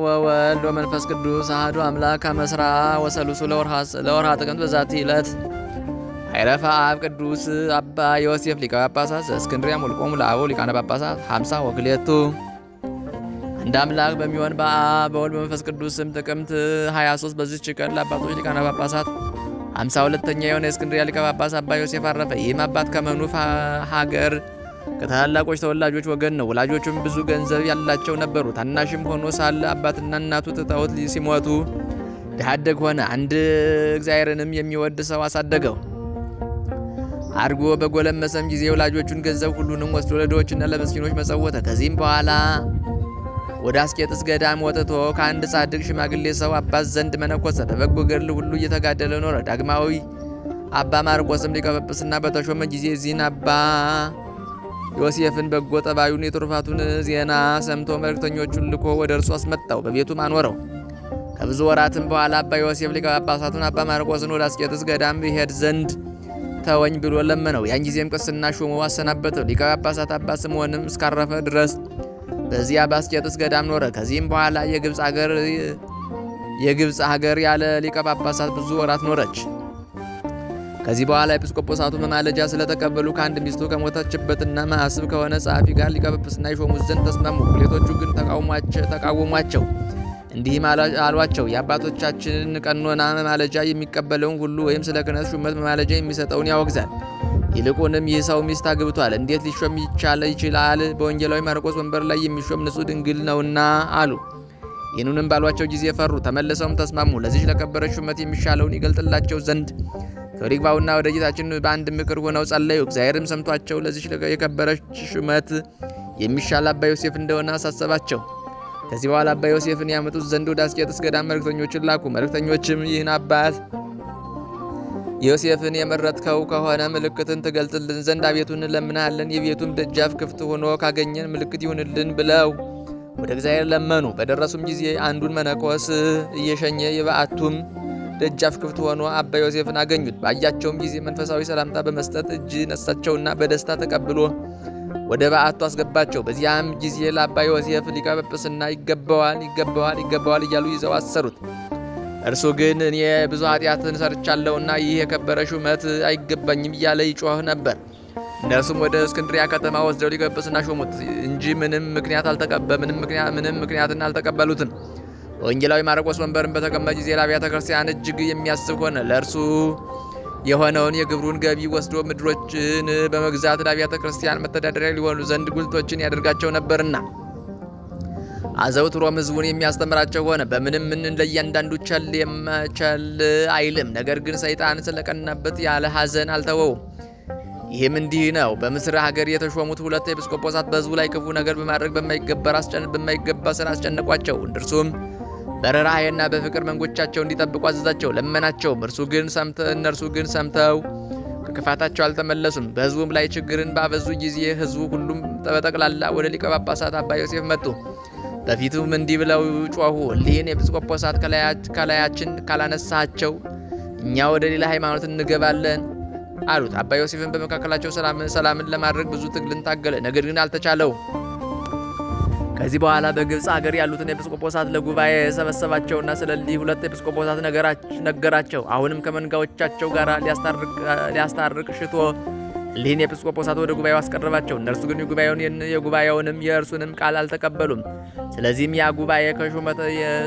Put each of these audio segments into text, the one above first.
ወወልድ ወመንፈስ ቅዱስ አህዱ አምላክ አመስራ ወሰሉሱ ለወርሃ ጥቅምት በዛቲ ዕለት አይረፈ አብ ቅዱስ አባ ዮሴፍ ሊቀ ጳጳሳት ዘእስክንድርያ ሙልቆሙ ለአበው ሊቃነ ጳጳሳት ሀምሳ ወክሌቱ እንደ አምላክ በሚሆን በአብ በወልድ በመንፈስ ቅዱስ ስም ጥቅምት 23 በዚች ቀን ለአባቶች ሊቃነ ጳጳሳት ሀምሳ ሁለተኛ የሆነ የእስክንድርያ ሊቀ ጳጳስ አባ ዮሴፍ አረፈ። ይህም አባት ከመኑፍ ሀገር ከታላላቆች ተወላጆች ወገን ነው። ወላጆቹም ብዙ ገንዘብ ያላቸው ነበሩ። ታናሽም ሆኖ ሳለ አባትና እናቱ ትተውት ሲሞቱ ድሃ ሆነ። አንድ እግዚአብሔርንም የሚወድ ሰው አሳደገው አርጎ በጎለመሰም ጊዜ ወላጆቹን ገንዘብ ሁሉንም ወስዶ ለድሆችና ለምስኪኖች መጸወተ። ከዚህም በኋላ ወደ አስቄጥስ ገዳም ወጥቶ ከአንድ ጻድቅ ሽማግሌ ሰው አባት ዘንድ መነኮሰ። በበጎ ገድል ሁሉ እየተጋደለ ኖረ። ዳግማዊ አባ ማርቆስም ሊቀ ጵጵስና በተሾመ ጊዜ እዚህን አባ ዮሴፍን በጎ ጠባዩን የትሩፋቱን ዜና ሰምቶ መልእክተኞቹን ልኮ ወደ እርሱ አስመጣው፣ በቤቱም አኖረው። ከብዙ ወራትም በኋላ አባ ዮሴፍ ሊቀ ጳጳሳቱን አባ ማርቆስን ወደ አስቄጥስ ገዳም ይሄድ ዘንድ ተወኝ ብሎ ለመነው። ያን ጊዜም ቅስና ሾሞ አሰናበተው። ሊቀ ጳጳሳት አባ ስምዖንም እስካረፈ ድረስ በዚያ በአስቄጥስ ገዳም ኖረ። ከዚህም በኋላ የግብፅ ሀገር ያለ ሊቀ ጳጳሳት ብዙ ወራት ኖረች። ከዚህ በኋላ ኤጲስቆጶሳቱ መማለጃ ስለተቀበሉ ከአንድ ሚስቱ ከሞተችበትና መአስብ ከሆነ ጸሐፊ ጋር ሊቀ ጵጵስና ዘንድ ተስማሙ። ሌቶቹ ግን ተቃወሟቸው። እንዲህም አሏቸው፣ የአባቶቻችንን ቀኖና መማለጃ የሚቀበለውን ሁሉ ወይም ስለ ክህነት ሹመት መማለጃ የሚሰጠውን ያወግዛል። ይልቁንም ይህ ሰው ሚስት አግብቷል፣ እንዴት ሊሾም ይቻለ ይችላል? በወንጌላዊ ማርቆስ ወንበር ላይ የሚሾም ንጹሕ ድንግል ነውና አሉ። ይህንንም ባሏቸው ጊዜ ፈሩ፣ ተመልሰውም ተስማሙ። ለዚች ለከበረች ሹመት የሚሻለውን ይገልጥላቸው ዘንድ ከሪግባውና ወደ ጌታችን በአንድ ምክር ሆነው ጸለዩ። እግዚአብሔርም ሰምቷቸው ለዚች የከበረች ሹመት የሚሻል አባ ዮሴፍ እንደሆነ አሳሰባቸው። ከዚህ በኋላ አባ ዮሴፍን ያመጡት ዘንድ ወደ አስቄጥስ ገዳም መልእክተኞችን ላኩ። መልእክተኞችም ይህን አባት ዮሴፍን የመረጥከው ከሆነ ምልክትን ትገልጥልን ዘንድ አቤቱን ለምናሃለን። የቤቱም ደጃፍ ክፍት ሆኖ ካገኘን ምልክት ይሁንልን ብለው ወደ እግዚአብሔር ለመኑ። በደረሱም ጊዜ አንዱን መነኮስ እየሸኘ የበዓቱም ደጃፍ ክፍት ሆኖ አባ ዮሴፍን አገኙት። ባያቸውም ጊዜ መንፈሳዊ ሰላምታ በመስጠት እጅ ነሳቸውና በደስታ ተቀብሎ ወደ በዓቱ አስገባቸው። በዚያም ጊዜ ለአባ ዮሴፍ ሊቀ ጵጵስና ይገባዋል ይገባዋል ይገባዋል እያሉ ይዘው አሰሩት። እርሱ ግን እኔ ብዙ ኃጢአትን ሰርቻለሁና ይህ የከበረ ሹመት አይገባኝም እያለ ይጮህ ነበር። እነርሱም ወደ እስክንድሪያ ከተማ ወስደው ሊቀ ጵጵስና ሾሙት እንጂ ምንም ምክንያት ምንም ምክንያትና አልተቀበሉትም። ወንጌላዊ ማርቆስ ወንበርን በተቀመጠ ጊዜ ለአብያተ ክርስቲያን እጅግ የሚያስብ ሆነ። ለእርሱ የሆነውን የግብሩን ገቢ ወስዶ ምድሮችን በመግዛት ለአብያተ ክርስቲያን መተዳደሪያ ሊሆኑ ዘንድ ጉልቶችን ያደርጋቸው ነበርና አዘውትሮም ሕዝቡን የሚያስተምራቸው ሆነ። በምንም ምን ለእያንዳንዱ ቸል የመቸል አይልም። ነገር ግን ሰይጣን ስለቀናበት ያለ ሀዘን አልተወውም። ይህም እንዲህ ነው። በምስር ሀገር የተሾሙት ሁለት ኤጲስቆጶሳት በሕዝቡ ላይ ክፉ ነገር በማድረግ በማይገባ ስራ አስጨነቋቸው። እነርሱም በርኅራኄና በፍቅር መንጎቻቸው እንዲጠብቁ አዘዛቸው፣ ለመናቸውም። እርሱ ግን እነርሱ ግን ሰምተው ከክፋታቸው አልተመለሱም። በሕዝቡም ላይ ችግርን ባበዙ ጊዜ ሕዝቡ ሁሉም በጠቅላላ ወደ ሊቀ ጳጳሳት አባ ዮሴፍ መጡ። በፊቱም እንዲህ ብለው ጮኹ። እሊህን ኤጲስቆጶሳት ከላያችን ካላነሳቸው እኛ ወደ ሌላ ሃይማኖት እንገባለን አሉት። አባ ዮሴፍን በመካከላቸው ሰላምን ለማድረግ ብዙ ትግልን ታገለ። ነገር ግን አልተቻለው። ከዚህ በኋላ በግብፅ ሀገር ያሉትን ኤጲስቆጶሳት ለጉባኤ የሰበሰባቸውና ስለዚህ ሁለት ኤጲስቆጶሳት ነገራቸው። አሁንም ከመንጋዎቻቸው ጋር ሊያስታርቅ ሽቶ ሊህን ኤጲስቆጶሳት ወደ ጉባኤው አስቀረባቸው። እነርሱ ግን የጉባኤውንም የእርሱንም ቃል አልተቀበሉም። ስለዚህም ያ ጉባኤ ከሹመት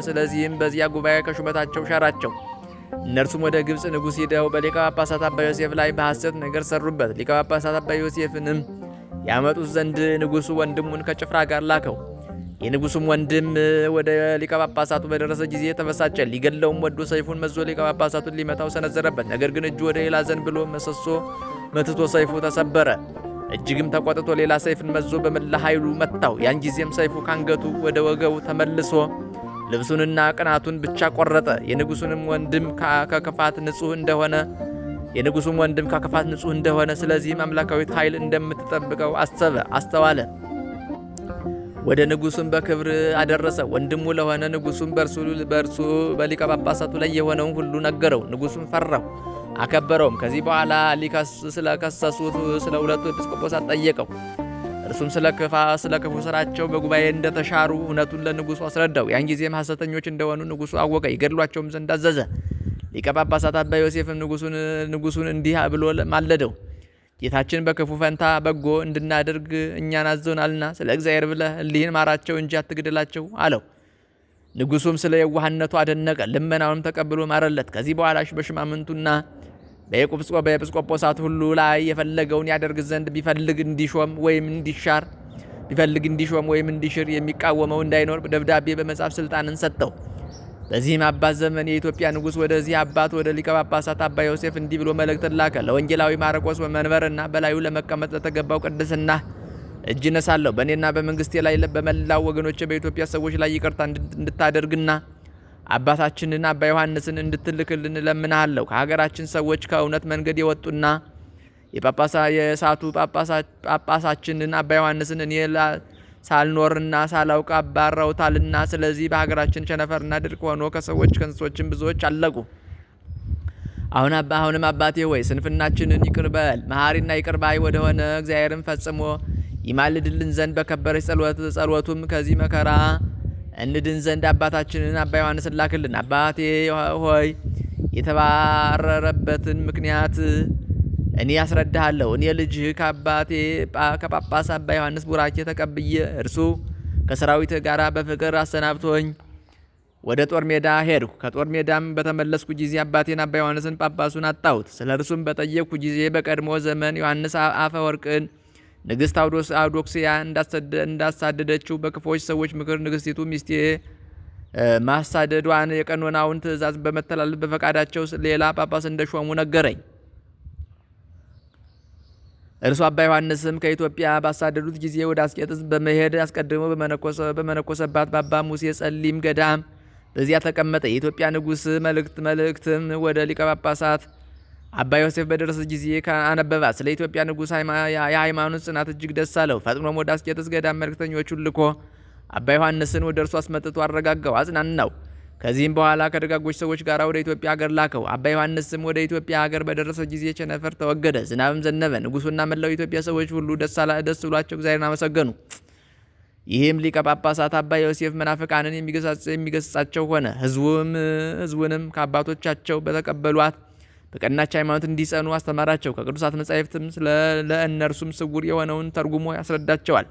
ስለዚህም በዚያ ጉባኤ ከሹመታቸው ሻራቸው። እነርሱም ወደ ግብፅ ንጉሥ ሂደው በሊቀ ጳጳሳት አባ ዮሴፍ ላይ በሐሰት ነገር ሰሩበት። ሊቀ ጳጳሳት አባ ዮሴፍንም ያመጡት ዘንድ ንጉሡ ወንድሙን ከጭፍራ ጋር ላከው። የንጉሱም ወንድም ወደ ሊቀ ጳጳሳቱ በደረሰ ጊዜ ተበሳጨ። ሊገለውም ወዶ ሰይፉን መዞ ሊቀ ጳጳሳቱን ሊመታው ሰነዘረበት። ነገር ግን እጁ ወደ ሌላ ዘንድ ብሎ መሰሶ መትቶ ሰይፉ ተሰበረ። እጅግም ተቆጥቶ ሌላ ሰይፍን መዞ በመላ ኃይሉ መታው። ያን ጊዜም ሰይፉ ካንገቱ ወደ ወገቡ ተመልሶ ልብሱንና ቅናቱን ብቻ ቆረጠ። የንጉሱንም ወንድም ከክፋት ንጹሕ እንደሆነ የንጉሱም ወንድም ከክፋት ንጹሕ እንደሆነ ስለዚህም አምላካዊት ኃይል እንደምትጠብቀው አሰበ አስተዋለ። ወደ ንጉሱም በክብር አደረሰ። ወንድሙ ለሆነ ንጉሱም በእርሱ በእርሱ በሊቀ ጳጳሳቱ ላይ የሆነውን ሁሉ ነገረው። ንጉሱም ፈራው አከበረውም። ከዚህ በኋላ ሊከስ ስለከሰሱት ስለ ሁለቱ ኤጲስቆጶሳት ጠየቀው። እርሱም ስለ ክፋ ስለ ክፉ ስራቸው በጉባኤ እንደተሻሩ እውነቱን ለንጉሱ አስረዳው። ያን ጊዜም ሐሰተኞች እንደሆኑ ንጉሱ አወቀ። ይገድሏቸውም ዘንድ አዘዘ። ሊቀ ጳጳሳት አባ ዮሴፍም ንጉሱን እንዲህ ብሎ ማለደው። ጌታችን በክፉ ፈንታ በጎ እንድናደርግ እኛን አዘውናልና ስለ እግዚአብሔር ብለህ እሊህን ማራቸው እንጂ አትግደላቸው አለው። ንጉሱም ስለ የዋህነቱ አደነቀ። ልመናውንም ተቀብሎ ማረለት። ከዚህ በኋላ በሽማምንቱና በኤጲስቆጶሳት ሁሉ ላይ የፈለገውን ያደርግ ዘንድ ቢፈልግ እንዲሾም ወይም እንዲሻር ቢፈልግ እንዲሾም ወይም እንዲሽር የሚቃወመው እንዳይኖር ደብዳቤ በመጻፍ ስልጣንን ሰጠው። በዚህም አባት ዘመን የኢትዮጵያ ንጉሥ ወደዚህ አባት ወደ ሊቀ ጳጳሳት አባ ዮሴፍ እንዲህ ብሎ መልእክትን ላከ። ለወንጌላዊ ማርቆስ መንበርና በላዩ ለመቀመጥ ለተገባው ቅድስና እጅ ነሳለሁ። በእኔና በመንግስቴ ላይ በመላው ወገኖች በኢትዮጵያ ሰዎች ላይ ይቅርታ እንድታደርግና አባታችንና አባ ዮሐንስን እንድትልክልን እለምንሃለሁ። ከሀገራችን ሰዎች ከእውነት መንገድ የወጡና የእሳቱ ጳጳሳችንን አባ ዮሐንስን እኔ ሳልኖርና ሳላውቅ አባረውታልና፣ ስለዚህ በሀገራችን ቸነፈርና ድርቅ ሆኖ ከሰዎች ከእንስሶችን ብዙዎች አለቁ። አሁን አባ አሁንም አባቴ ወይ ስንፍናችንን ይቅርበል መሐሪና ይቅርባይ ወደሆነ እግዚአብሔርን ፈጽሞ ይማልድልን ዘንድ በከበረች ጸሎቱም ከዚህ መከራ እንድን ዘንድ አባታችንን አባ ዮሐንስ ላክልን። አባቴ ሆይ የተባረረበትን ምክንያት እኔ ያስረዳሃለሁ። እኔ ልጅህ ከአባቴ ከጳጳስ አባ ዮሐንስ ቡራኬ ተቀብዬ እርሱ ከሰራዊት ጋር በፍቅር አሰናብቶኝ ወደ ጦር ሜዳ ሄድኩ። ከጦር ሜዳም በተመለስኩ ጊዜ አባቴን አባ ዮሐንስን ጳጳሱን አጣሁት። ስለ እርሱም በጠየቅኩ ጊዜ በቀድሞ ዘመን ዮሐንስ አፈወርቅን ንግሥት አውዶክስያ እንዳሳደደችው በክፎች ሰዎች ምክር ንግሥቲቱ ሚስቴ ማሳደዷን የቀኖናውን ትእዛዝ በመተላለፍ በፈቃዳቸው ሌላ ጳጳስ እንደሾሙ ነገረኝ። እርሱ አባ ዮሐንስም ከኢትዮጵያ ባሳደዱት ጊዜ ወደ አስቄጥስ በመሄድ አስቀድሞ በመነኮሰባት በአባ ሙሴ ጸሊም ገዳም በዚያ ተቀመጠ። የኢትዮጵያ ንጉሥ መልእክት መልእክትም ወደ ሊቀ ጳጳሳት አባ ዮሴፍ በደረሰ ጊዜ አነበባ። ስለ ኢትዮጵያ ንጉሥ የሃይማኖት ጽናት እጅግ ደስ አለው። ፈጥኖም ወደ አስቄጥስ ገዳም መልክተኞቹን ልኮ አባ ዮሐንስን ወደ እርሱ አስመጥቶ አረጋጋው፣ አጽናናው። ከዚህም በኋላ ከደጋጎች ሰዎች ጋር ወደ ኢትዮጵያ ሀገር ላከው። አባ ዮሐንስም ወደ ኢትዮጵያ ሀገር በደረሰ ጊዜ ቸነፈር ተወገደ፣ ዝናብም ዘነበ። ንጉሱና መላው ኢትዮጵያ ሰዎች ሁሉ ደስ ብሏቸው እግዚአብሔርን አመሰገኑ። ይህም ሊቀ ጳጳሳት አባ ዮሴፍ መናፍቃንን የሚገሳቸው ሆነ። ህዝቡንም ከአባቶቻቸው በተቀበሏት በቀናች ሃይማኖት እንዲጸኑ አስተማራቸው። ከቅዱሳት መጻሕፍትም ለእነርሱም ስውር የሆነውን ተርጉሞ ያስረዳቸዋል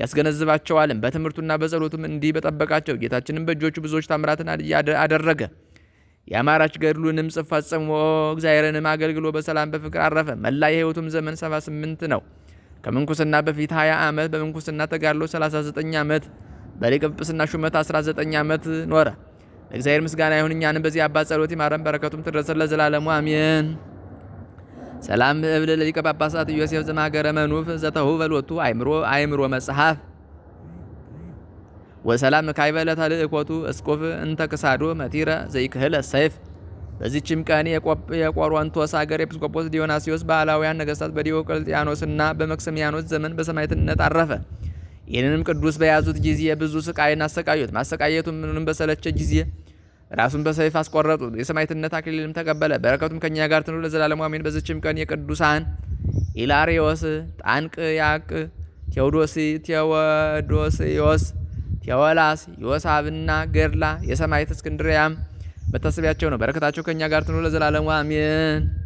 ያስገነዝባቸዋልም። በትምህርቱና በጸሎቱም እንዲህ በጠበቃቸው። ጌታችንም በእጆቹ ብዙዎች ታምራትን አደረገ። የአማራች ገድሉንም ጽፎ ፈጽሞ እግዚአብሔርንም አገልግሎ በሰላም በፍቅር አረፈ። መላ የሕይወቱም ዘመን 78 ነው። ከምንኩስና በፊት 20 ዓመት፣ በምንኩስና ተጋድሎ 39 ዓመት፣ በሊቀ ጵጵስና ሹመት 19 ዓመት ኖረ። ለእግዚአብሔር ምስጋና ይሁን። እኛንም በዚህ አባት ጸሎት ይማረን፣ በረከቱም ትድረሰን ለዘላለሙ አሜን። ሰላም እብል ለሊቀ ጳጳሳት ዮሴፍ ዘማገረ መኑፍ ዘተሁ በሎቱ አይምሮ አይምሮ መጽሐፍ ወሰላም ካይበለ ተልእኮቱ እስቆፍ እንተ ክሳዶ መቲረ ዘይክህለ ሰይፍ። በዚችም ቀን የቆሮንቶስ ሀገር ኤጲስቆጶስ ዲዮናሲዮስ በአላውያን ነገስታት በዲዮቅልጥያኖስና በመክሰሚያኖስ ዘመን በሰማዕትነት አረፈ። ይህንንም ቅዱስ በያዙት ጊዜ ብዙ ስቃይን አሰቃዩት። ማሰቃየቱ ምንም በሰለቸ ጊዜ ራሱን በሰይፍ አስቆረጡ የሰማዕትነት አክሊልም ተቀበለ። በረከቱም ከእኛ ጋር ትኑር ለዘላለሙ አሜን። በዚችም ቀን የቅዱሳን ኢላሪዮስ፣ ጣንቅያቅ፣ ቴዎዶሲ፣ ቴዎዶስዮስ፣ ቴዎላስ፣ ዮሳብና ገድላ የሰማዕት እስክንድርያም መታሰቢያቸው ነው። በረከታቸው ከእኛ ጋር ትኑር ለዘላለሙ አሜን።